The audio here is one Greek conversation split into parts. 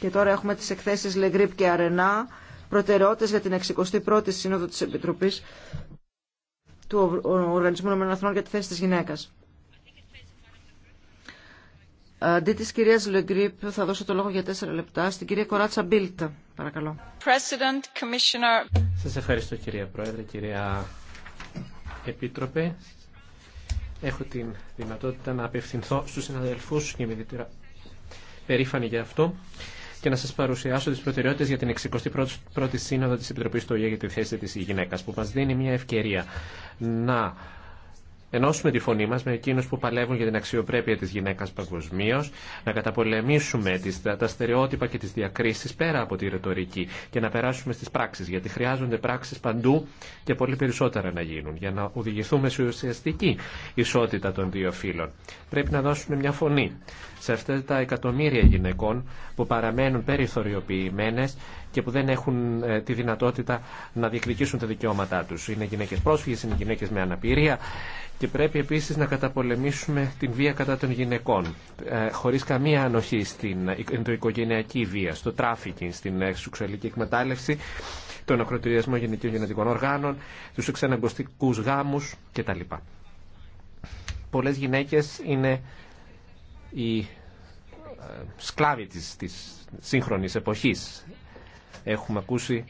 Και τώρα έχουμε τις εκθέσεις Λεγκρίπ και Αρενά, προτεραιότητες για την 61η Σύνοδο της Επιτροπής του Οργανισμού Ηνωμένων για τη θέση της γυναίκας. Αντί της κυρίας Λεγκρίπ θα δώσω το λόγο για τέσσερα λεπτά στην κυρία Κοράτσα Μπίλτα. Παρακαλώ. Commissioner... Σας ευχαριστώ κυρία Πρόεδρε, κυρία Επίτροπε. Έχω την δυνατότητα να απευθυνθώ στους συναδελφούς και με περήφανη για αυτό και να σα παρουσιάσω τι προτεραιότητε για την 61η Σύνοδο τη Επιτροπή του ΟΗΕ για τη θέση τη γυναίκα, που μα δίνει μια ευκαιρία να ενώσουμε τη φωνή μας με εκείνους που παλεύουν για την αξιοπρέπεια της γυναίκας παγκοσμίω, να καταπολεμήσουμε τις, τα, στερεότυπα και τις διακρίσεις πέρα από τη ρητορική και να περάσουμε στις πράξεις, γιατί χρειάζονται πράξεις παντού και πολύ περισσότερα να γίνουν για να οδηγηθούμε σε ουσιαστική ισότητα των δύο φύλων. Πρέπει να δώσουμε μια φωνή σε αυτά τα εκατομμύρια γυναικών που παραμένουν περιθωριοποιημένες και που δεν έχουν ε, τη δυνατότητα να διεκδικήσουν τα δικαιώματά τους. Είναι γυναίκες πρόσφυγες, είναι γυναίκες με αναπηρία και πρέπει επίσης να καταπολεμήσουμε την βία κατά των γυναικών ε, χωρίς καμία ανοχή στην ε, οικογενειακή βία, στο τράφικινγκ, στην σεξουαλική εκμετάλλευση, τον ακροτηριασμό γενικών γενετικών οργάνων, τους εξαναγκωστικούς γάμους κτλ. Πολλές γυναίκες είναι οι σκλάβοι της, της σύγχρονης εποχής Έχουμε ακούσει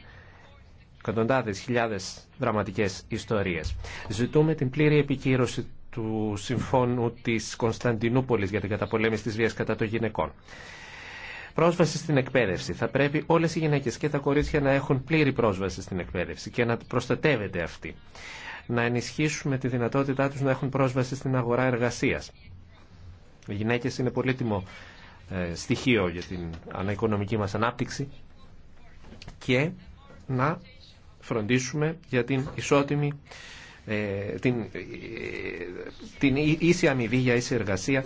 εκατοντάδες χιλιάδες δραματικές ιστορίες. Ζητούμε την πλήρη επικύρωση του Συμφώνου της Κωνσταντινούπολης για την καταπολέμηση της βίας κατά των γυναικών. Πρόσβαση στην εκπαίδευση. Θα πρέπει όλες οι γυναίκες και τα κορίτσια να έχουν πλήρη πρόσβαση στην εκπαίδευση και να προστατεύεται αυτή. Να ενισχύσουμε τη δυνατότητά τους να έχουν πρόσβαση στην αγορά εργασίας. Οι γυναίκες είναι πολύτιμο ε, στοιχείο για την αναοικονομική μας ανάπτυξη και να φροντίσουμε για την ισότιμη ε, την, ε, την ίση αμοιβή για ίση εργασία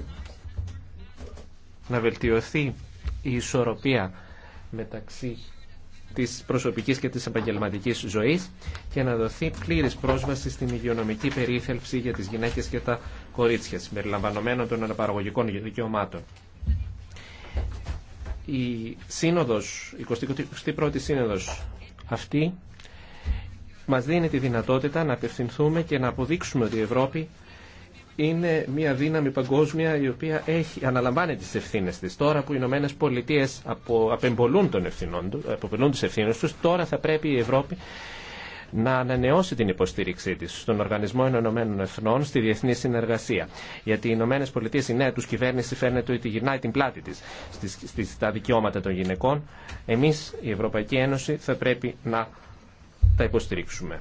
να βελτιωθεί η ισορροπία μεταξύ της προσωπικής και της επαγγελματικής ζωής και να δοθεί πλήρης πρόσβαση στην υγειονομική περίθελψη για τις γυναίκες και τα κορίτσια συμπεριλαμβανομένων των αναπαραγωγικών δικαιωμάτων η σύνοδος, η 21η σύνοδος αυτή μας δίνει τη δυνατότητα να απευθυνθούμε και να αποδείξουμε ότι η Ευρώπη είναι μια δύναμη παγκόσμια η οποία έχει, αναλαμβάνει τις ευθύνες της. Τώρα που οι Ηνωμένε Πολιτείε απεμπολούν, τον ευθυνών, απεμπολούν τις ευθύνες τους, τώρα θα πρέπει η Ευρώπη να ανανεώσει την υποστήριξή της στον Οργανισμό Ενωμένων Εθνών στη διεθνή συνεργασία. Γιατί οι Ηνωμένε Πολιτείε, η νέα του κυβέρνηση φαίνεται ότι γυρνάει την πλάτη τη στις, στα δικαιώματα των γυναικών. Εμείς, η Ευρωπαϊκή Ένωση, θα πρέπει να τα υποστηρίξουμε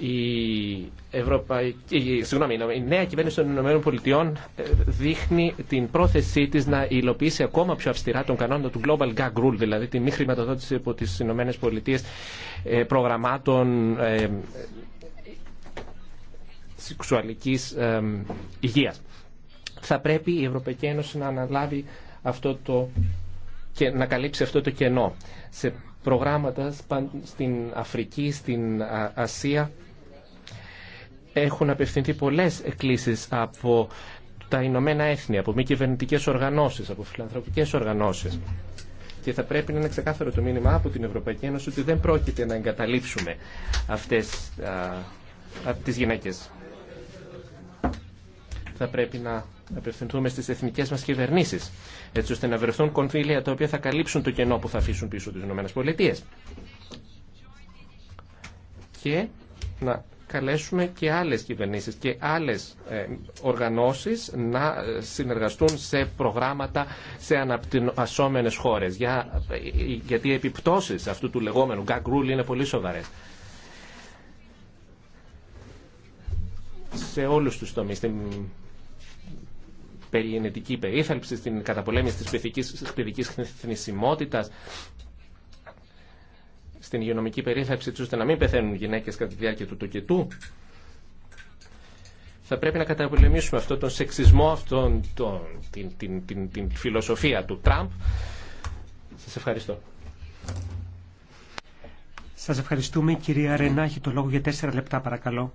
η, η νέα κυβέρνηση των Ηνωμένων Πολιτειών ε, δείχνει την πρόθεσή της να υλοποιήσει ακόμα πιο αυστηρά τον κανόνα του Global Gag Rule, δηλαδή τη μη χρηματοδότηση από τις Ηνωμένες Πολιτείες ε, προγραμμάτων ε, σεξουαλικής υγείας. Θα πρέπει η Ευρωπαϊκή Ένωση να αναλάβει αυτό το και να καλύψει αυτό το κενό σε προγράμματα στην Αφρική, στην Ασία έχουν απευθυνθεί πολλές εκκλήσεις από τα Ηνωμένα Έθνη, από μη κυβερνητικέ οργανώσεις, από φιλανθρωπικές οργανώσεις. Και θα πρέπει να είναι ξεκάθαρο το μήνυμα από την Ευρωπαϊκή Ένωση ότι δεν πρόκειται να εγκαταλείψουμε αυτές α, τις γυναίκες. Θα πρέπει να απευθυνθούμε στις εθνικές μας κυβερνήσεις, έτσι ώστε να βρεθούν κονδύλια τα οποία θα καλύψουν το κενό που θα αφήσουν πίσω τις ΗΠΑ. Και να καλέσουμε και άλλες κυβερνήσεις και άλλες ε, οργανώσεις να ε, συνεργαστούν σε προγράμματα σε αναπτυσσόμενες χώρες ε, γιατί οι επιπτώσεις αυτού του λεγόμενου gag rule είναι πολύ σοβαρές. Σε όλους τους τομείς, στην περιενετική περίθαλψη, στην καταπολέμηση της παιδικής θνησιμότητας, στην υγειονομική περίθαλψη τους ώστε να μην πεθαίνουν γυναίκες κατά τη διάρκεια του τοκετού. Θα πρέπει να καταπολεμήσουμε αυτόν τον σεξισμό, αυτόν τον, την, την, την, την φιλοσοφία του Τραμπ. Σας ευχαριστώ. Σας ευχαριστούμε κυρία έχει Το λόγο για τέσσερα λεπτά παρακαλώ.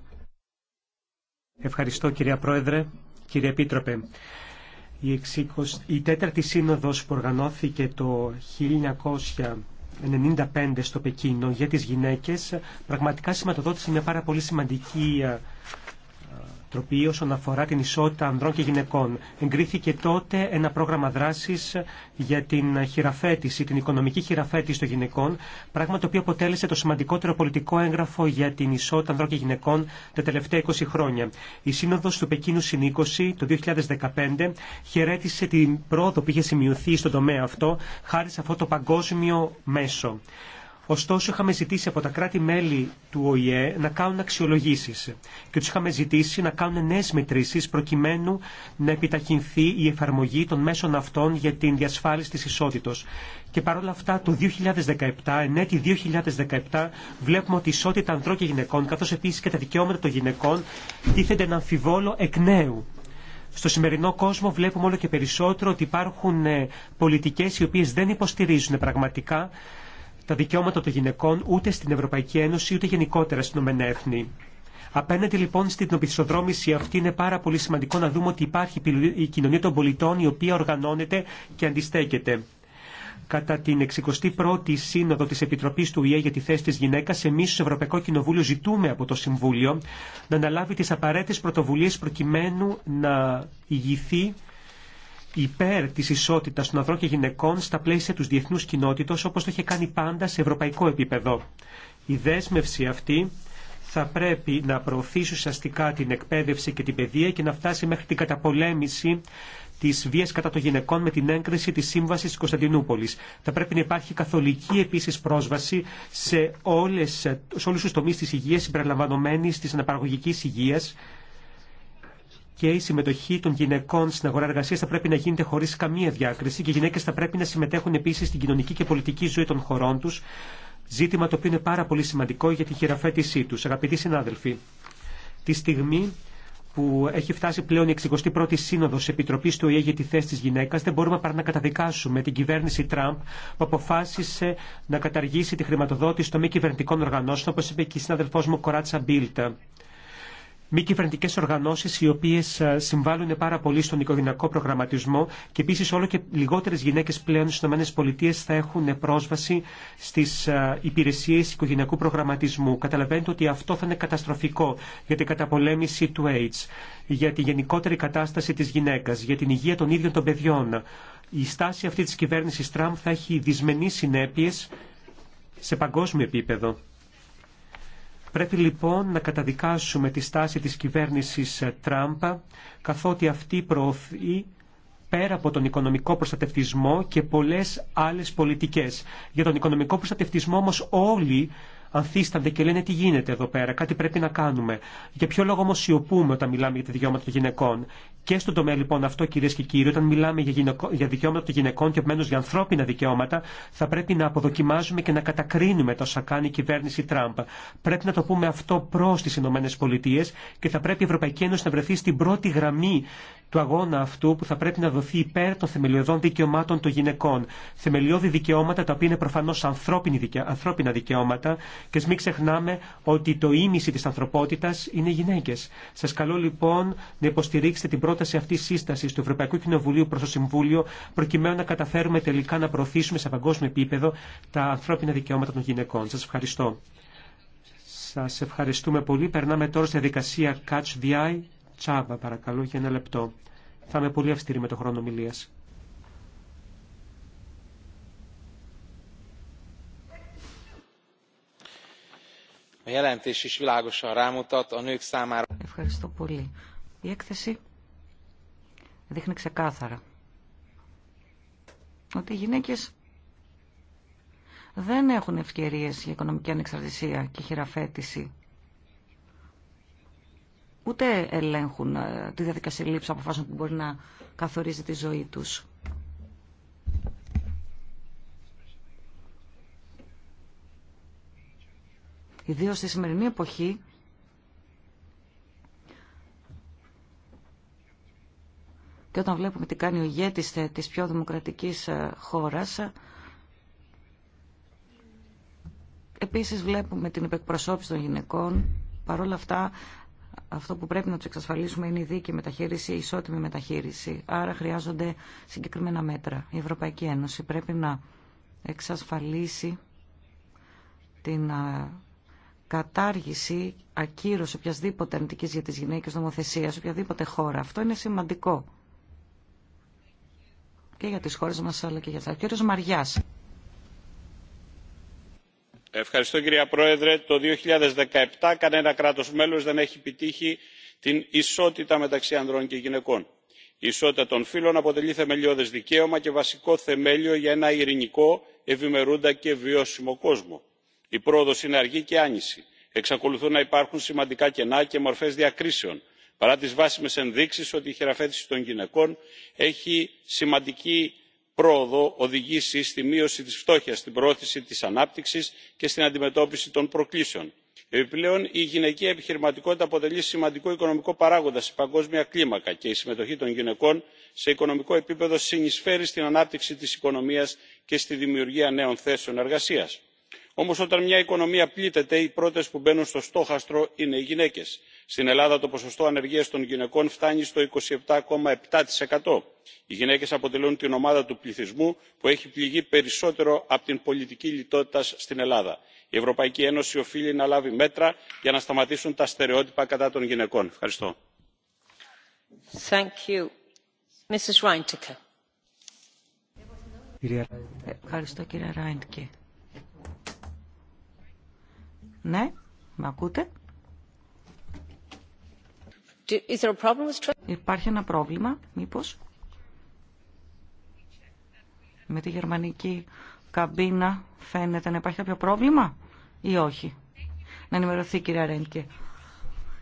Ευχαριστώ κυρία Πρόεδρε, κύριε Επίτροπε. Η, η τέταρτη σύνοδος που οργανώθηκε το 1900 95 στο Πεκίνο για τις γυναίκες πραγματικά σηματοδότησε μια πάρα πολύ σημαντική ε, Επιτροπή όσον αφορά την ισότητα ανδρών και γυναικών. Εγκρίθηκε τότε ένα πρόγραμμα δράση για την χειραφέτηση, την οικονομική χειραφέτηση των γυναικών, πράγμα το οποίο αποτέλεσε το σημαντικότερο πολιτικό έγγραφο για την ισότητα ανδρών και γυναικών τα τελευταία 20 χρόνια. Η Σύνοδο του Πεκίνου Συνήκωση το 2015 χαιρέτησε την πρόοδο που είχε σημειωθεί στον τομέα αυτό χάρη σε αυτό το παγκόσμιο μέσο. Ωστόσο, είχαμε ζητήσει από τα κράτη-μέλη του ΟΗΕ να κάνουν αξιολογήσεις και τους είχαμε ζητήσει να κάνουν νέες μετρήσεις προκειμένου να επιταχυνθεί η εφαρμογή των μέσων αυτών για την διασφάλιση της ισότητος. Και παρόλα αυτά, το 2017, εν έτη 2017, βλέπουμε ότι η ισότητα ανδρών και γυναικών, καθώς επίσης και τα δικαιώματα των γυναικών, τίθενται να αμφιβόλω εκ νέου. Στο σημερινό κόσμο βλέπουμε όλο και περισσότερο ότι υπάρχουν ε, πολιτικές οι οποίες δεν υποστηρίζουν πραγματικά τα δικαιώματα των γυναικών ούτε στην Ευρωπαϊκή Ένωση ούτε γενικότερα στην ΟΜΕΝΕΘΝΗ. Απέναντι λοιπόν στην οπισθοδρόμηση αυτή είναι πάρα πολύ σημαντικό να δούμε ότι υπάρχει η κοινωνία των πολιτών η οποία οργανώνεται και αντιστέκεται. Κατά την 61η Σύνοδο τη Επιτροπή του ΙΕ για τη θέση τη γυναίκα, εμεί στο Ευρωπαϊκό Κοινοβούλιο ζητούμε από το Συμβούλιο να αναλάβει τι απαραίτητε πρωτοβουλίε προκειμένου να ηγηθεί υπέρ τη ισότητα των ανδρών και γυναικών στα πλαίσια του διεθνού κοινότητο, όπω το είχε κάνει πάντα σε ευρωπαϊκό επίπεδο. Η δέσμευση αυτή θα πρέπει να προωθήσει ουσιαστικά την εκπαίδευση και την παιδεία και να φτάσει μέχρι την καταπολέμηση τη βία κατά των γυναικών με την έγκριση τη Σύμβαση τη Κωνσταντινούπολη. Θα πρέπει να υπάρχει καθολική επίση πρόσβαση σε, σε όλου του τομεί τη υγεία συμπεριλαμβανομένη τη αναπαραγωγική υγεία και η συμμετοχή των γυναικών στην αγορά εργασία θα πρέπει να γίνεται χωρί καμία διάκριση και οι γυναίκε θα πρέπει να συμμετέχουν επίση στην κοινωνική και πολιτική ζωή των χωρών του, ζήτημα το οποίο είναι πάρα πολύ σημαντικό για την χειραφέτησή του. Αγαπητοί συνάδελφοι, τη στιγμή που έχει φτάσει πλέον η 61η Σύνοδο Επιτροπή του ΟΗΕ για τη θέση τη γυναίκα, δεν μπορούμε παρά να καταδικάσουμε την κυβέρνηση Τραμπ που αποφάσισε να καταργήσει τη χρηματοδότηση των μη κυβερνητικών οργανώσεων, όπω είπε και η συνάδελφό μου Κοράτσα Μπίλτα μη κυβερνητικέ οργανώσει οι οποίε ε, συμβάλλουν πάρα πολύ στον οικογενειακό προγραμματισμό και επίση όλο και λιγότερε γυναίκε πλέον στι ΗΠΑ θα έχουν πρόσβαση στι ε, υπηρεσίε οικογενειακού προγραμματισμού. Καταλαβαίνετε ότι αυτό θα είναι καταστροφικό για την καταπολέμηση του AIDS, για τη γενικότερη κατάσταση τη γυναίκα, για την υγεία των ίδιων των παιδιών. Η στάση αυτή τη κυβέρνηση Τραμπ θα έχει δυσμενεί συνέπειε σε παγκόσμιο επίπεδο. Πρέπει λοιπόν να καταδικάσουμε τη στάση της κυβέρνησης ε, Τράμπα, καθότι αυτή προωθεί πέρα από τον οικονομικό προστατευτισμό και πολλές άλλες πολιτικές. Για τον οικονομικό προστατευτισμό όμως όλοι ανθίστανται και λένε τι γίνεται εδώ πέρα, κάτι πρέπει να κάνουμε. Για ποιο λόγο όμω σιωπούμε όταν μιλάμε για τα δικαιώματα των γυναικών. Και στον τομέα λοιπόν αυτό, κυρίε και κύριοι, όταν μιλάμε για, γυναικο... για δικαιώματα των γυναικών και επομένω για ανθρώπινα δικαιώματα, θα πρέπει να αποδοκιμάζουμε και να κατακρίνουμε τόσα όσα κάνει η κυβέρνηση Τραμπ. Πρέπει να το πούμε αυτό προ τι ΗΠΑ και θα πρέπει η Ευρωπαϊκή Ένωση να βρεθεί στην πρώτη γραμμή του αγώνα αυτού που θα πρέπει να δοθεί υπέρ των θεμελιωδών δικαιωμάτων των γυναικών. Θεμελιώδη δικαιώματα τα οποία είναι προφανώ ανθρώπινα δικαιώματα και μην ξεχνάμε ότι το ίμιση τη ανθρωπότητα είναι γυναίκε. Σα καλώ λοιπόν να υποστηρίξετε την πρόταση αυτή σύσταση του Ευρωπαϊκού Κοινοβουλίου προ το Συμβούλιο προκειμένου να καταφέρουμε τελικά να προωθήσουμε σε παγκόσμιο επίπεδο τα ανθρώπινα δικαιώματα των γυναικών. Σα ευχαριστώ. Σας ευχαριστούμε πολύ. Περνάμε τώρα στη δικασία Catch the Eye. Τσάβα, παρακαλώ, για ένα λεπτό. Θα είμαι πολύ αυστηρή με το χρόνο ομιλία. Ευχαριστώ πολύ. Η έκθεση δείχνει ξεκάθαρα ότι οι γυναίκες δεν έχουν ευκαιρίες για οικονομική ανεξαρτησία και χειραφέτηση ούτε ελέγχουν ε, τη διαδικασία λήψη αποφάσεων που μπορεί να καθορίζει τη ζωή τους. Ιδίως στη σημερινή εποχή και όταν βλέπουμε τι κάνει ο ηγέτης ε, της πιο δημοκρατικής ε, χώρας, επίσης βλέπουμε την υπεκπροσώπηση των γυναικών. παρόλα αυτά αυτό που πρέπει να του εξασφαλίσουμε είναι η δίκαιη μεταχείριση, η ισότιμη μεταχείριση. Άρα χρειάζονται συγκεκριμένα μέτρα. Η Ευρωπαϊκή Ένωση πρέπει να εξασφαλίσει την κατάργηση, ακύρωση οποιασδήποτε αρνητικής για τις γυναίκες νομοθεσίας, οποιαδήποτε χώρα. Αυτό είναι σημαντικό και για τις χώρες μας αλλά και για τα. κύριο Ευχαριστώ κυρία Πρόεδρε. Το 2017 κανένα κράτος μέλος δεν έχει επιτύχει την ισότητα μεταξύ ανδρών και γυναικών. Η ισότητα των φύλων αποτελεί θεμελιώδες δικαίωμα και βασικό θεμέλιο για ένα ειρηνικό, ευημερούντα και βιώσιμο κόσμο. Η πρόοδος είναι αργή και άνηση. Εξακολουθούν να υπάρχουν σημαντικά κενά και μορφές διακρίσεων παρά τις βάσιμες ενδείξεις ότι η χειραφέτηση των γυναικών έχει σημαντική πρόοδο οδηγήσει στη μείωση της φτώχειας στην πρόθεση της ανάπτυξης και στην αντιμετώπιση των προκλήσεων. επιπλέον η γυναικεία επιχειρηματικότητα αποτελεί σημαντικό οικονομικό παράγοντα σε παγκόσμια κλίμακα και η συμμετοχή των γυναικών σε οικονομικό επίπεδο συνεισφέρει στην ανάπτυξη της οικονομίας και στη δημιουργία νέων θέσεων εργασίας. Όμω όταν μια οικονομία πλήττεται οι πρώτες που μπαίνουν στο στόχαστρο είναι οι γυναίκες. στην ελλάδα το ποσοστό ανεργίας των γυναικών φτάνει στο. 27,7%. οι γυναίκες αποτελούν την ομάδα του πληθυσμού που έχει πληγεί περισσότερο από την πολιτική λιτότητα στην ελλάδα. η ευρωπαϊκή ένωση οφείλει να λάβει μέτρα για να σταματήσουν τα στερεότυπα κατά των γυναικών. ευχαριστώ. Ναι, με ακούτε. Is there a problem with... Υπάρχει ένα πρόβλημα, μήπως, με τη γερμανική καμπίνα φαίνεται να υπάρχει κάποιο πρόβλημα ή όχι. Να ενημερωθεί η κυρία Ρέντκε.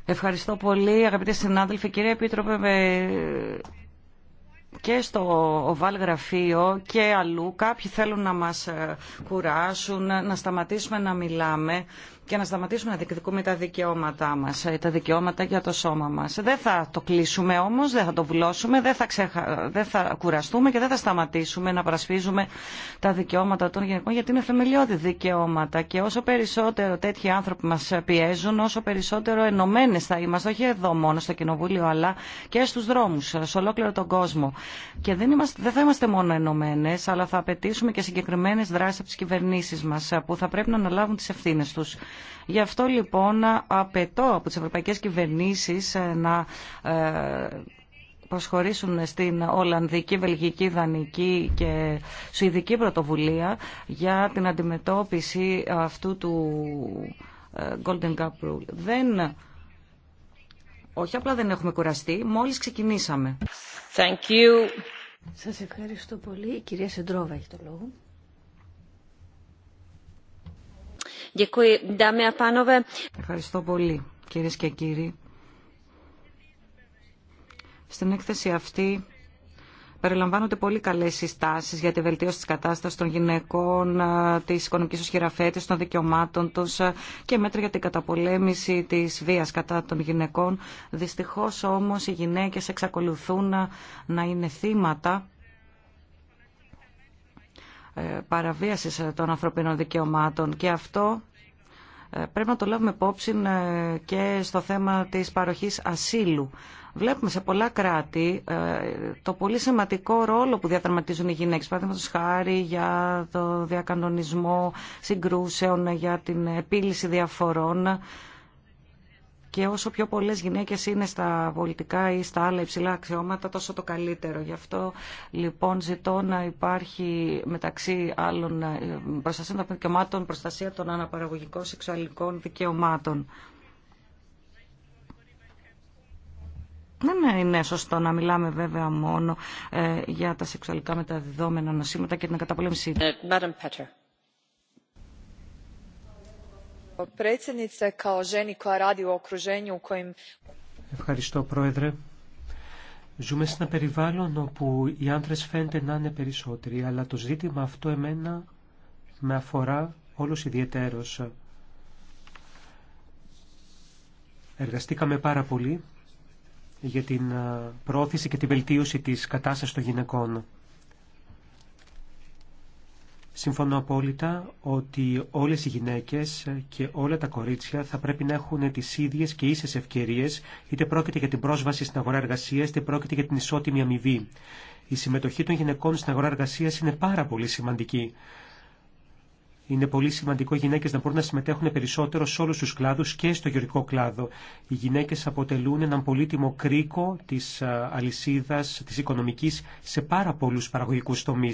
Ευχαριστώ πολύ αγαπητοί αγαπητέ Κυρία Επίτροπε, και στο ΟΒΑΛ γραφείο και αλλού κάποιοι θέλουν να μας ε, κουράσουν, να σταματήσουμε να μιλάμε και να σταματήσουμε να διεκδικούμε τα δικαιώματά μας, ε, τα δικαιώματα για το σώμα μας. Δεν θα το κλείσουμε όμως, δεν θα το βουλώσουμε, δεν θα, ξεχα... δεν θα κουραστούμε και δεν θα σταματήσουμε να παρασφίζουμε τα δικαιώματα των γυναικών γιατί είναι θεμελιώδη δικαιώματα και όσο περισσότερο τέτοιοι άνθρωποι μας πιέζουν, όσο περισσότερο ενωμένε θα είμαστε, όχι εδώ μόνο στο Κοινοβούλιο αλλά και στους δρόμους, ε, σε ολόκληρο τον κόσμο. Και δεν, θα είμαστε μόνο ενωμένε, αλλά θα απαιτήσουμε και συγκεκριμένε δράσει από τι κυβερνήσει μα, ε, που θα πρέπει να αναλάβουν τι ευθύνε του. Γι' αυτό λοιπόν απαιτώ από τι ευρωπαϊκέ κυβερνήσει ε, να ε, προσχωρήσουν στην Ολλανδική, Βελγική, Δανική και Σουηδική πρωτοβουλία για την αντιμετώπιση αυτού του Golden Gap Rule. Όχι, απλά δεν έχουμε κουραστεί. Μόλις ξεκινήσαμε. Thank you. Σας ευχαριστώ πολύ. Η κυρία Σεντρόβα έχει το λόγο. Ευχαριστώ πολύ, κυρίες και κύριοι. Στην έκθεση αυτή περιλαμβάνονται πολύ καλέ συστάσει για τη βελτίωση τη κατάσταση των γυναικών, ε, τη οικονομική του των δικαιωμάτων του ε, και μέτρα για την καταπολέμηση τη βία κατά των γυναικών. Δυστυχώ όμω οι γυναίκε εξακολουθούν να είναι θύματα ε, παραβίασης των ανθρωπίνων δικαιωμάτων και αυτό πρέπει να το λάβουμε υπόψη και στο θέμα της παροχής ασύλου Βλέπουμε σε πολλά κράτη ε, το πολύ σημαντικό ρόλο που διαδραματίζουν οι γυναίκες, παραδείγματο χάρη για το διακανονισμό συγκρούσεων, για την επίλυση διαφορών και όσο πιο πολλές γυναίκες είναι στα πολιτικά ή στα άλλα υψηλά αξιώματα τόσο το καλύτερο. Γι' αυτό λοιπόν ζητώ να υπάρχει μεταξύ άλλων ε, προστασία των δικαιωμάτων, προστασία των αναπαραγωγικών σεξουαλικών δικαιωμάτων. Δεν είναι σωστό να μιλάμε βέβαια μόνο ε, για τα σεξουαλικά μεταδιδόμενα νοσήματα και την καταπολέμησή του. Ε, Ευχαριστώ, Πρόεδρε. Ζούμε σε ένα περιβάλλον όπου οι άντρες φαίνεται να είναι περισσότεροι, αλλά το ζήτημα αυτό εμένα με αφορά όλους ιδιαιτέρως. Εργαστήκαμε πάρα πολύ για την ε, πρόθεση και την βελτίωση της κατάστασης των γυναικών. Συμφωνώ απόλυτα ότι όλες οι γυναίκες και όλα τα κορίτσια θα πρέπει να έχουν τις ίδιες και ίσες ευκαιρίες, είτε πρόκειται για την πρόσβαση στην αγορά εργασίας, είτε πρόκειται για την ισότιμη αμοιβή. Η συμμετοχή των γυναικών στην αγορά εργασίας είναι πάρα πολύ σημαντική. Είναι πολύ σημαντικό οι γυναίκε να μπορούν να συμμετέχουν περισσότερο σε όλου του κλάδου και στο γεωργικό κλάδο. Οι γυναίκε αποτελούν έναν πολύτιμο κρίκο τη αλυσίδα, τη οικονομική σε πάρα πολλού παραγωγικού τομεί.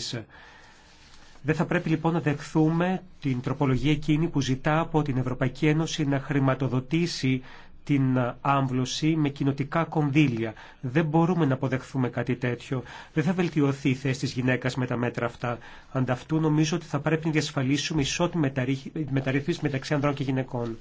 Δεν θα πρέπει λοιπόν να δεχθούμε την τροπολογία εκείνη που ζητά από την Ευρωπαϊκή Ένωση να χρηματοδοτήσει την άμβλωση με κοινοτικά κονδύλια. Δεν μπορούμε να αποδεχθούμε κάτι τέτοιο. Δεν θα βελτιωθεί η θέση της γυναίκας με τα μέτρα αυτά. Ανταυτού νομίζω ότι θα πρέπει να διασφαλίσουμε ισότιμη μεταρρύθμιση μεταξύ ανδρών και γυναικών.